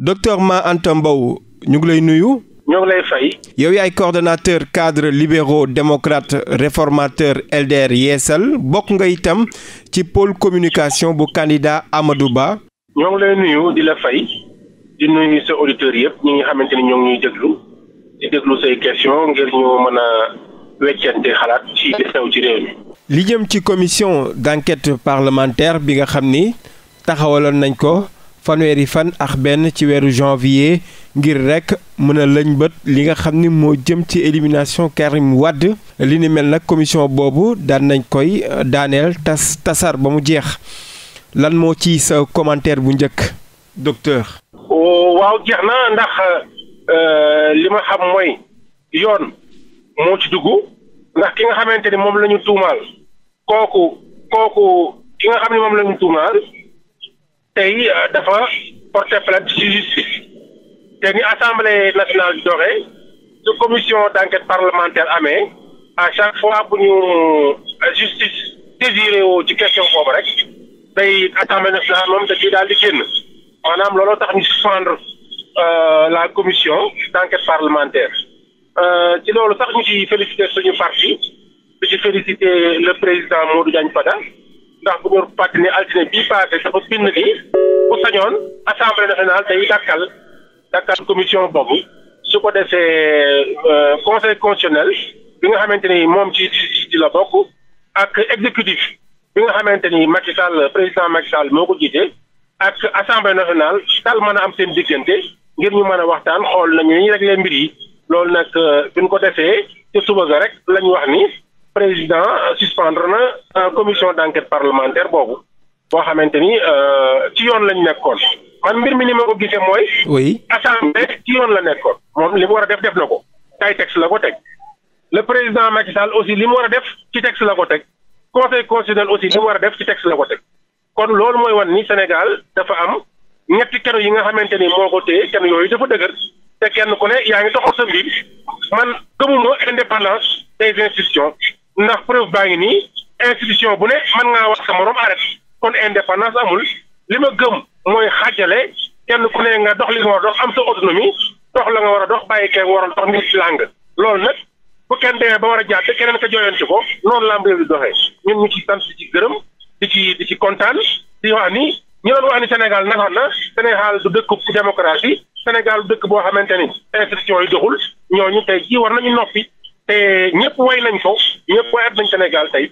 docteur Ma Anta Mbow ñu ngi lay nuyu. ñoo ngi lay fay. yow yaay coordonnateur cadre libéraux démocrate réformateur LDR Yeesal bokk nga itam ci pôle communication bu candidat amadu Ba. ñoo ngi lay nuyu di la fay di nuyu sa auditeurs yëpp ñu nga xamante ni ñoo ngi déglu di déglu say question ngir ñu mën a xalaat ci xew ci li jëm ci commission d' enquête bi nga xam ni taxawaloon nañ ko. fanweeri fan ax benn ci weeru janvier ngir rek mën a lëñbët li nga xam ni moo jëm ci élimination Karim Wade li ni mel nag commission boobu daan nañ koy euh, daaneel tas tasar ba mu jeex lan moo ci sa commentaire bu njëkk docteur. Oh, waaw jeex na ndax euh, li ma xam mooy yoon moo ci dugg ndax ki nga xamante ni moom la ñu tuumaal kooku kooku ki nga xam ni moom la ñu tey euh, dafa porter plainte ci justice te ni assemblée nationale di doxee su commission d' enquête parlementaire amee à chaque fois bu ñu euh, justice désiré woo ci question boobu rek day assemblée nationale moom da ciy daal di génn maanaam looloo tax ñu suspendre euh, la commission d' enquête parlementaire ci loolu tax ñu ci félicité suñu parti di ci félicité le président Modou Diagne Fada ndax bu ngeen ko fàttali ne altine bii passé dafa bind ni bu sañoon assemblée nationale day dakkal dakkal commission boobu su ko defee euh, conseil constitutionnel bi nga xamante ni moom ci ci la bokk ak exécutif bi nga xamante ni Macky Sall président Macky Sall moo ko jiite ak assemblée nationale daal mën a am seen diggante ngir ñu mën a waxtaan xool nañu rek leen mbir yi loolu nag euh, buñ ko defee ci suba ga rek lañu wax nii président suspendre na euh, commission d' enquête parlementaire boobu boo xamante ni euh, ci yoon lañ nekkoon man mbir mi ni ma ko gisee mooy. oui ci yoon la nekkoon. moom li mu war a def def na ko. tay texte la ko teg le président Macky Sall aussi li mu war a def ci texte la ko teg conseil constitutionnel aussi li mu war a def ci texte la ko teg kon loolu mooy wan ni Sénégal dafa am ñetti kenu yi nga xamante ni moo ko téye kenu yooyu dafa dëgër te kenn ku ne yaa ngi doxal sa mbir man gëmuma indépendance des institutions. ndax preuve baa ngi nii institution bu ne mën ngaa wax sa morom arrêté kon indépendance amul li ma gëm mooy xajale kenn ku ne nga dox li nga war a dox am sa autonomie dox la nga war a dox bàyyi kee nga war a dox nit làng loolu nag bu kenn demee ba war a jàdd keneen ka jooyoon ko noonu lamb di doxee ñun ñu ci sant ci gërëm di ci di ci kontaan di wax ni ñu doon wax ni Sénégal naxoon na Sénégal du dëkk démocratie Sénégal du dëkk boo xamante ni institution yi doxul ñooñu tey jii war nañu noppi. te ñëpp way nañ ko ñëpp wayat nañ Sénégal tey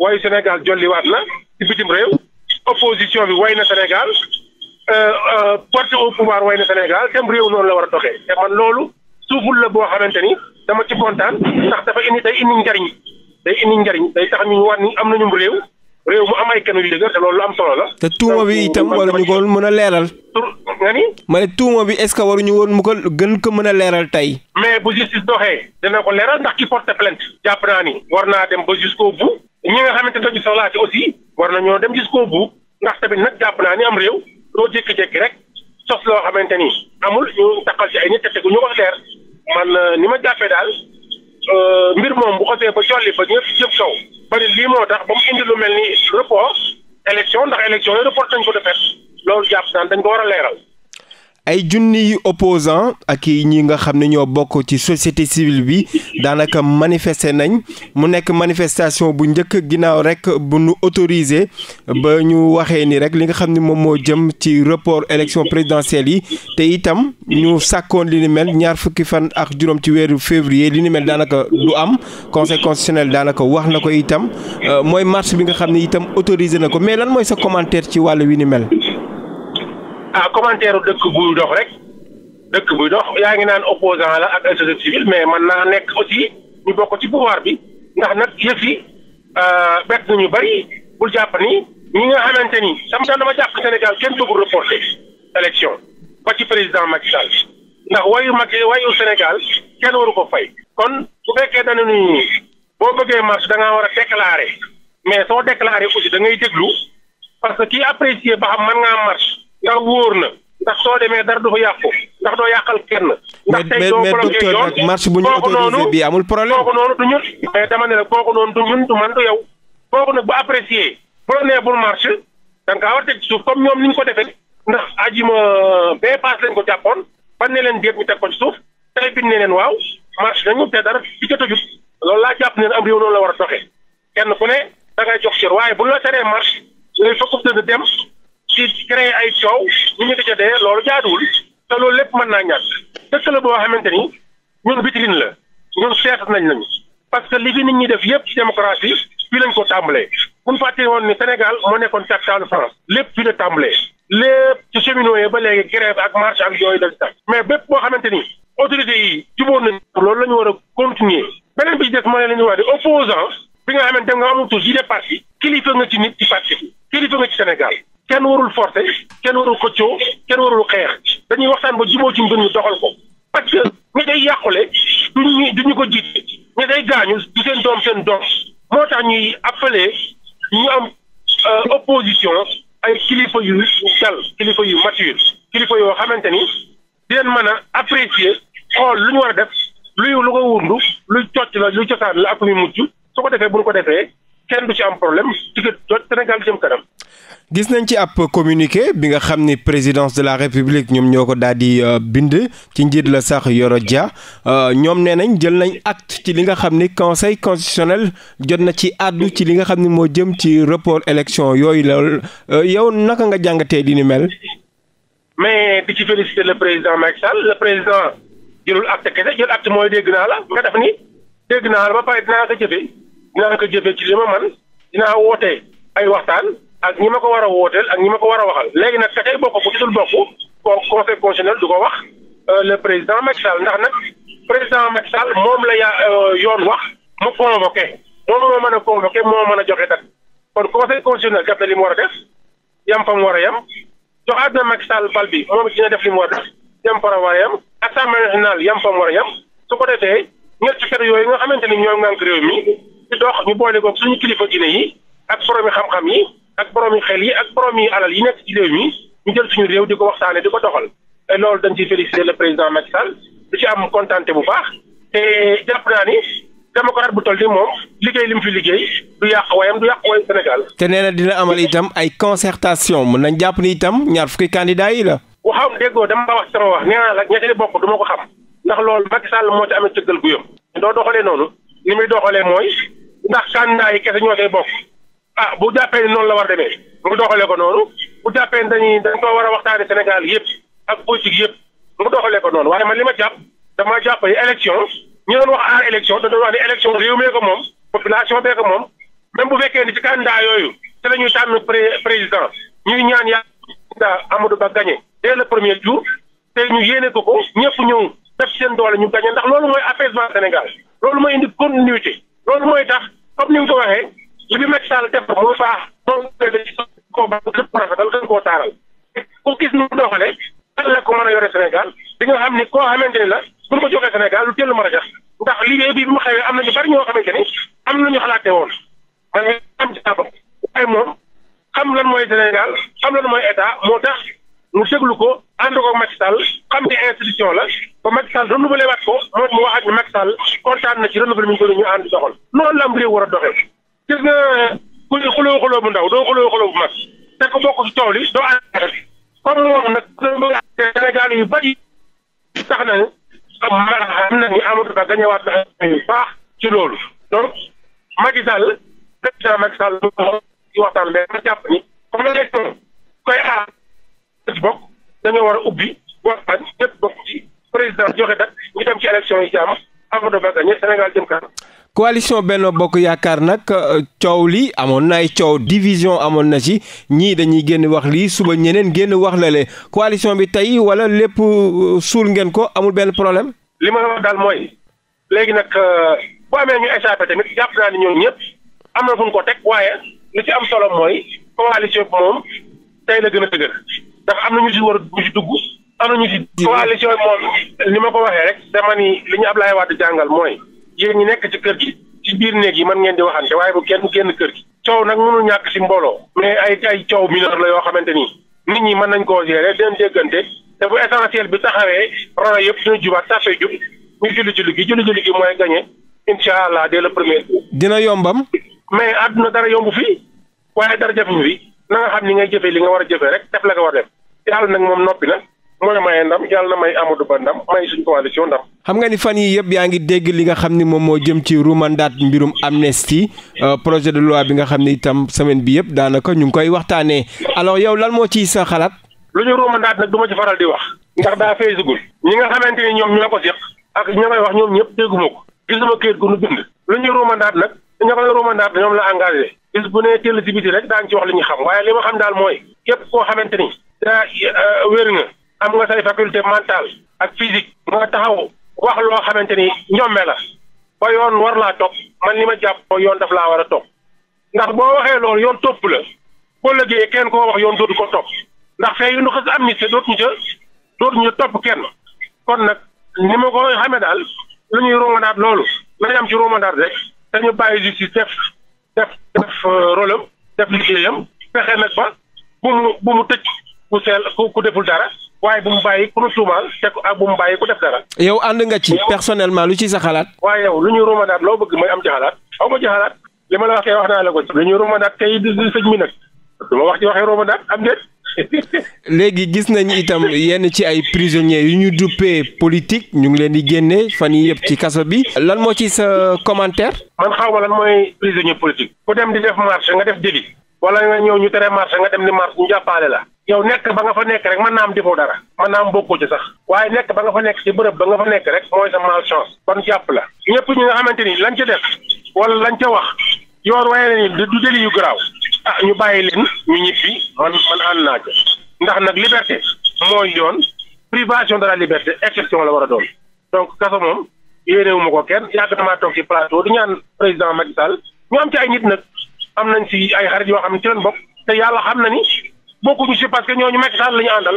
waaye Sénégal jolliwaat na ci bitim réew opposition bi way na Sénégal euh, euh, porte au pouvoir way na Sénégal tem réew noonu la war a doxee te man loolu suuful la boo xamante ni dama ci kontaan ndax dafa indi day indi njariñ day indi njariñ day tax ñu wàññi am nañu réew réew mu am ay kanu yu dëgër te loolu lu am solo la. te tuuma bi itam waruñu ko mën a leeral. nga ma ne tuuma bi est-ce que waruñu woon mu ko gën ko mën a leeral tey. mais bu justice doxee. dana ko leeral ndax ki porte plainte. jàpp naa ni war naa dem ba jusqu'au bout. ñi nga xamante ne ci soxlaa ci aussi. war nañoo dem jusqu'au bout. ndax tamit nag jàpp naa ni am réew. doo jékki-jékki rek. sos loo xamante ni. amul ñu takkal ci ay nit te tegu ñu ko leer. man euh, ni ma jàppee daal. Euh, mbir moom bu xasee ba jolli ba ñëpp jëm kaw ba ni lii moo tax ba mu indi mel ni report élection ndax élection yi report nañ ko de fait loolu jàpp naan dañ ko war a leeral ay junni opposant ak yi ñi nga xam ne ñoo bokk ci société civile bi daanaka manifester nañ mu nekk manifestation bu njëkk ginnaaw rek bu nu autorisé ba ñu waxee ni rek li nga xam ni moom moo jëm ci report élection présidentielle yi te itam ñu sàkkoon li ni mel ñaar fukki fan ak juróom ci weeru février li ni mel daanaka du am conseil constitutionnel daanaka wax na ko itam euh, mooy marche bi nga xam ne itam autorisé na ko mais lan mooy sa commentaire ci wàll wi ni ah commentaire dëkk buy dox rek dëkk buy dox yaa ngi naan opposant la ak société civile mais mën naa nekk aussi ñu bokk ci pouvoir bi ndax nag yëf yi ah, bett nañu bëri bul jàpp ni ñi nga xamante ni sama daan dama jàpp Sénégal kenn bëggul reporté élection ba ci président Macky Sall ndax wayu Macky wayu Sénégal kenn waru ko fay kon su fekkee dañu ni boo bëggee marche da ngaa war a déclaré mais soo déclaré aussi da ngay déglu parce que kii apprécier ba xam mën ngaa marche ndax wóor na ndax soo demee dara du fa yàqu ndax doo yàqal kenn. ndax tey doo mais docteur nag marche bu ñu autorisé bi amul problème kooku noonu du ñun. mais ne la kooku noonu du ñun du man du yow kooku nag bu apprécier bu la nee bul marche da nga war a teg suuf comme ñoom ni ñu ko defee ndax ajuma bee paas lañ ko jàppoon ban ne leen déet ñu teg ko ci suuf tey biñ ne leen waaw marche nañu te dara ci jot a loolu laa jàpp ne am réew noonu la war a doxee kenn ku ne da ngay jox cër waaye bu la teree marche day fokk dëgg dem. ci créer ay coow ñu ñu dajadee loolu jaaduwul te loolu lépp mën naa ñàkk dëkk la boo xamante ni ñun vitrine la ñun seet nañ lañu parce que li fi nit ñi def yëpp ci démocratie fii lañ ko tàmbalee bu fàtte fàttee woon ni Sénégal moo nekkoon capitale France lépp fii la tàmbalee lépp ci cheminots yi ba léegi grève ak marche ak yooyu dañ mais bépp boo xamante ni autorités yi juboon nañ loolu la ñu war a continuer beneen bi ci des mooy la ñuy wax di bi nga xamante nga amul tous yi des parti kilifa nga ci nit ci parti nga ci Sénégal kenn warul forcer kenn warul xëccoo kenn warul xeex dañuy waxtaan ba jubóo ci mbir ñu doxal ko parce que ñi day yàqule du ñu du ñu ko jiite ñi day gaañu du seen doom seen doom moo tax ñuy appeler ñu am euh, opposition ay kilifa yu dal kilifa yu mature kilifa yoo xamante ni di leen mën a apprécier xool lu ñu war a def luy lu ko wundu lu cocc la lu cosaan la ak luy mujj su ko defee bu ñu ko defee kenn du ci am problème di ko Sénégal jëm kanam. gis nañ ci ab communiqué bi nga xam ni présidence de la république ñoom ñoo ko daal di euh, bind ci njiit la sax Yoro Dia euh, ñoom nee nañ jël nañ at ci li nga xam ni conseil constitutionnel jot na ci àddu ci li nga xam ni moo jëm ci report élection yooyu lool euh, yow naka nga jàngatee di ni mel. mais di ci féliciter le président Macky Sall le président jëlul acte kese jël acte mooy dégg naa la nga def ni dégg naa la ba pare dinaa ko jëfee dinaa ko jëfee ci li ma man dinaa ay waxtaan. ak ñi ma ko war a wooteel ak ñi ma ko war a waxal léegi nag ka kay bokk bu gisul bokk conseil constitutionnel du ko wax euh, le président Macky Sall ndax nag président Macky Sall moom la yaa euh, yoon wax mu convoqué moom moo mën a convoqué moo mën a joxe dat kon conseil constitutionnel def na war a def yam fa mu war a yam joxaat na Macky Sall bal bi moom dina def li mu war a def yam fa mu war a yam assemblée yam fa mu war a yam su ko defee ñetti kër yooyu nga xamante ni ñoom ngànk réew mi di dox ñu boole ko suñu kilifa yi ak borom xam yi. ak borom yi xel yi ak borom yi alal yi nekk ci réew mi ñu jël suñu réew di ko waxtaane di ko doxal te loolu dañ ciy féliciter le président Macky Sall du ci am contenté bu baax te jàpp naa ni démocrate bu toll ni moom liggéey li mu fi liggéey du yàq wayam du yàq wayu Sénégal. te nee na dina amal itam ay concertation mën nañ jàpp ni itam ñaar fukki candidat yi la. waxam déggoo dama wax sama wax nee naa la ñetti bokk du ma ko xam ndax loolu moo ci amee cëggal gu yëm noonu ni muy mooy ndax candidat yi kese ñoo koy bokk. ah bu jàppee ni noonu la war demee mu doxalee ko noonu bu jàppee dañuy dañ koo war a waxtaane Sénégal yëpp ak politique yëpp mu doxalee ko noonu waaye man li ma jàpp dama jàpp ni élection ñu doon wax aar élection da doon wax ne élection réew mee ko moom population bee ko moom même bu fekkee ni ci candidat yooyu te la ñuy tànn président ñuy ñaan yàlla Amadou Ba gagné dès le premier tour te ñu yéene ko ko ñëpp ñëw def seen doole ñu gagné ndax loolu mooy apaisement Sénégal loolu mooy indi continuité loolu mooy tax comme ni nga ko waxee. li bi Macky Sall def moo baax moom ci koo ko rafetal gën koo taaral ku gis nu doxale lan la ko di nga xam ni koo xamante ni la bu ko joxee Sénégal lu tellu mën a def ndax liggéey bi bi mu xewee na ñu bari ñoo xamante ni am na ñu xalaate woon man ñu am jaaba waaye moom xam lan mooy Sénégal xam lan mooy état moo tax mu déglu ko ànd ko Macky Sall xam ne institution la ba Macky Sall renouvelé waat ko moom mu wax ak ni Macky kontaan na ci renouvelé mi ñu ko ñu ànd doxal noonu la am réew war a doxee gis nga ku ñu xuloo xuloo bu ndaw doo xuloo xuloo bu mag te ko bokk ci tool yi doo ànd bi comme moom nag Sénégal yu bari tax na xam na ni Amadou Ba gañewaat na yu baax ci loolu donc Macky Sall président Macky Sall lu ci waxtaan bee ma jàpp ni comme élection koy aar ci bokk dañoo war a ubbi waxtaan ñëpp bokk ci président joxe dat ñu dem ci élection yi ci am Amadou Ba gañe Sénégal jëm kanam coalition benn Bokk Yaakaar nag euh, coow lii amoon na ay coow division amoon na ci ñii dañuy génn wax lii suba ñeneen génn wax la le coalition bi tey wala lépp euh, suul ngeen ko amul benn problème. li ma la daal mooy léegi nag euh, boo amee ñu échappé tamit jàpp naa ni ñoom ñëpp am na fu ko teg waaye li ci am solo mooy coalition moom tey la gën a dëgër ndax am na ñu ci war ñu ci dugg. am na ñu ci coalition bi moom li ma ko waxee rek dama ni li ñu Ablaye Wade jàngal mooy. yéen ñi nekk ci kër gi ci biir néeg yi mën ngeen di waxante waaye bu kenn génn kër gi coow nag mënul ñàkk si mbooloo mais ay ay coow mineur yoo xamante nii nit ñi mën nañ koo gérer leen déggante te bu essentiel bi taxawee rono yëpp dina jubaat tafe jub ñu julli julli gi julli julli gi mooy gagné incha allah dès le premier tour dina yombam mais àdduna dara yomb fii waaye dara jafe fi na nga xam ni ngay jëfee li nga war a jëfee rek def la ko war def yàlla nag moom noppi na mooy maye ndam yàlla na may Amadou Ba ndam may suñu coalition ndam. xam nga ni fan yi yëpp yaa ngi dégg li nga xam ni moom moo jëm ci rumandaat mbirum amnistie euh, projet de loi bi nga xam ni itam semaine bi yëpp daanaka ñu ngi koy waxtaanee alors yow lan moo ciy sa xalaat. lu ñu rumandaat nag du ma ci faral di wax. ndax daa feesagul. ñi nga xamante ni ñoom la ko seq. ak ña may wax ñoom ñëpp dégguma ko. gisuma kayit gu nu bind. lu ñu rumandaat la engagé. bis bu nee teel ci biti rek daañu ci wax li ñu xam waaye li ma xam daal mooy. képp koo xamante ni. daa euh, am nga say faculté mentale ak physique nga taxaw wax loo xamante ni ñome la ba yoon war laa topp man li ma jàpp yoon daf laa war a topp ndax boo waxee loolu yoon topp la boo lëggee kenn ko wax yoon dootu ko topp ndax fee yu nu xas am nit te dootuñu ca dootuñu topp kenn kon nag ni ma ko daal lu ñuy romandaat loolu la yam ci romandaat rek dañu bàyyi justice def def def euh, rôle am def liggéeyam fexe nag ba bu mu bu mu tëj ku seel ku ku deful dara waaye bu mu bàyyi ku nu tuumaal te ku bu mu bàyyi ku def dara. yow ànd nga ci personnellement lu ci sa xalaat. waaye yow lu ñu ruumanaat loo bëgg mooy am ci xalaat aw ma ci xalaat li ma la waxee wax naa la ko lu ñu ruumanaat tey di mi nag du ma wax ci waxee ruumanaat am déet. léegi gis nañu itam yenn ci ay prisonniers yu ñu duppee politique ñu ngi leen di génne fan yi yëpp ci kaso bi lan moo ci sa commentaire. man xaw ma lan mooy prisonnier politique. ku dem di def marche nga def di marche ñu la. yow nekk ba nga fa nekk rek mën naa am defoo dara mën naa am bokkoo ci sax waaye nekk ba nga fa nekk ci bërëb ba nga fa nekk rek mooy sa malchance kon jàpp la ñëpp ñi nga xamante ni lañ ca def wala lañ ca wax yoon waaye nañu du deli yu garaaw ah ñu bàyyi leen ñu ñibbi man man ànd naa ca ndax nag liberté mooy yoon privation de la liberté exception la war a doon donc kaso moom yéenewuma ko kenn yàgg damaa toog ci plateau di ñaan président Macky Sall ñu am ci am nañ ci ay xarit yoo xam ne na bokkuñu si parce que ñooñu ñu Sall la ñu àndal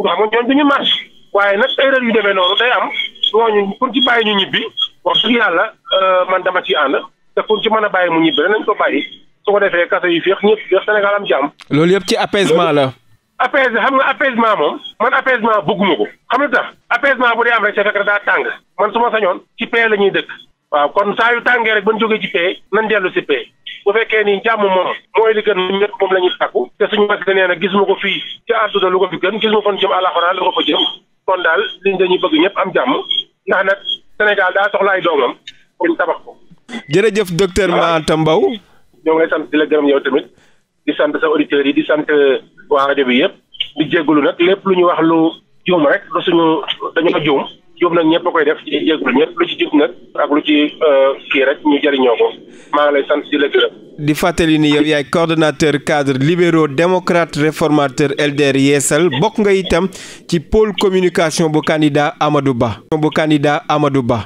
nga xam ñooñu duñu marche waaye nag erreur yu demee noonu day am ñooñu pour ci bàyyi ñu ñibbi wax dëgg yàlla euh, man dama ci ànd te pour ci mën a bàyyi mu ñibbi nañ ko bàyyi su ko defee kaso yu féex ñëpp féex Sénégal am jàmm. loolu yëpp ci apaisement la. apaise xam nga apaisement moom. man apaisement bëgguma ko. xam nga tax apaisement bu dee am rek c'est daa tàng man su ma sañoon ci paix la ñuy dëkk. waaw kon saa yu tàngee rek ba ñu jógee ci paix nañ dellu si paix bu fekkee ni jàmm moom mooy li gën ñëpp moom la tàkku te suñu mag nee na gis ma ko fii ci àdduna lu ko fi gën gis ma kon jëm àlaxara lu ko fa jëm kon daal liñ ñu bëgg ñëpp am jàmm ndax nag Sénégal daa soxla ay doomam ñu tabax ko. jërëjëf docteur Mata Mbow. ñoo ngay sant di la gërëm yow tamit di sant sa auditeurs yi di sant waa rajo bi yëpp di jégalu nag lépp lu ñu wax lu juum rek du suñu dañoo juum. jub nag ñëpp koy def ñëpp lu ci jub nag lu ci euh, kii ñu jëriñoo ko maa di la fàttali ni yow yaay coordonnateur cadre libéraux démocrate réformateur LDR Yeesal bokk nga itam ci pôle communication bu candidat Amadou Ba. Amadou Ba.